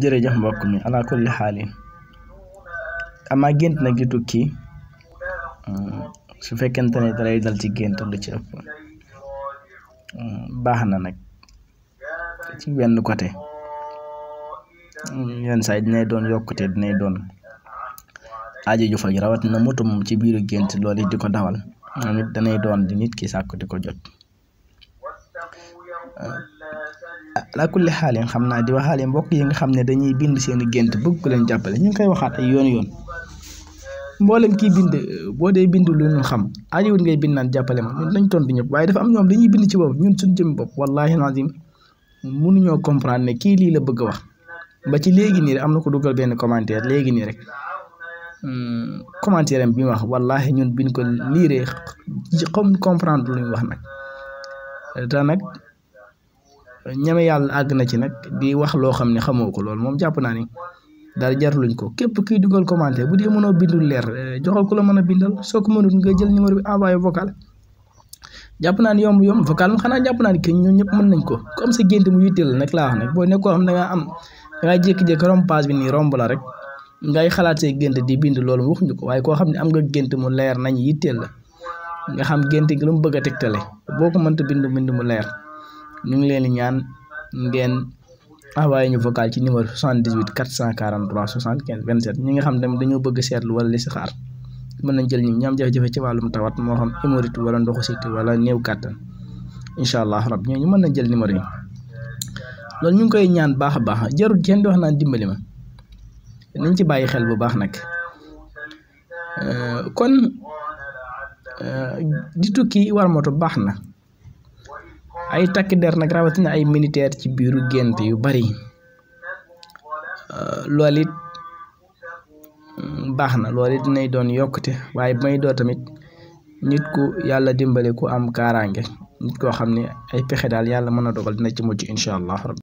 jërëjëf mbokk mi ala kulli xaalin ama gént nag di tukki su fekkente ne dalay dal ci gént lu ci ëpp baax na nag ci benn côté yenn saa yi dinay doon yokkute dinay doon aajo ju faj rawat na moto ci biiru gént loolu di ko dawal moom danay doon di nit ki sàkk di ko jot ala kulli xaalin xam naa di waxaale bokk yi nga xam ne dañuy bind seeni gént bëgg ku leen jàppale ñu ngi koy waxaat ay yoon yoon mboolem kii bind boo dee bind lu ñu xam aajowul ngay bind naan jàppale ma ñun dañ tontu ñëpp waaye dafa am ñoom dañuy bind ci bopp ñun suñ jëm bopp wallaahi lazim mënuñoo comprendre ne kii lii la bëgg a wax ba ci léegi nii rek am na ko dugal benn commentaire léegi nii rek hmm, commentaire am bi mu wax wallaahi ñun biñ ko liiree xam comprendre lu ñu wax nag ñame yalla ag na ci nak di wax lo xamni xamoko lool mom japp na ni dara luñ ko kep ki duggal commenter bu di mëno bindul leer eh, joxal ku la mëna bindal sok mënut nga jël numéro bi envoyer vocal japp na ni yom yom vocal mu xana japp na ni que ñoom ñëpp mën nañ ko comme sa gént mu nak la wax nak bo ne ko da am da ngaa jek jékki romb page bi ni romb la rek ngay xalaat say di bind loolu waxuñu ko waye ko xamni am nga gént mu leer nañ yittel nga xam gént gi lu mu bëgg tektale boko mënta bind bind mu leer ñu ngi leen di ñaan ngeen envoyé ñu vocal ci numéro 78 443 75 27 ñi nga xam tamit dañoo bëgg seetlu wala li si xaar mën nañ jël ñu ñam jafe-jafe ci wàllum tawat moo xam imoritu wala ndoxu siti wala néew kàttan incha allah rab ñooñu mën nañ jël numéro yi loolu ñu ngi koy ñaan baax a baax jarul kenn di wax naan dimbali ma nañ ci bàyyi xel bu baax nag euh, kon euh, di tukki war moto baax na ay takk der nag rawatina ay militaire ci biiru gént yu bari euh, loolu it mm, baax na loolu it nay doon yokkute waaye bu may doo tamit nit ku yàlla dimbale ku am kaaraange nit koo xam ne ay pexe daal yàlla mën a dogal dina ci mujj incha allah.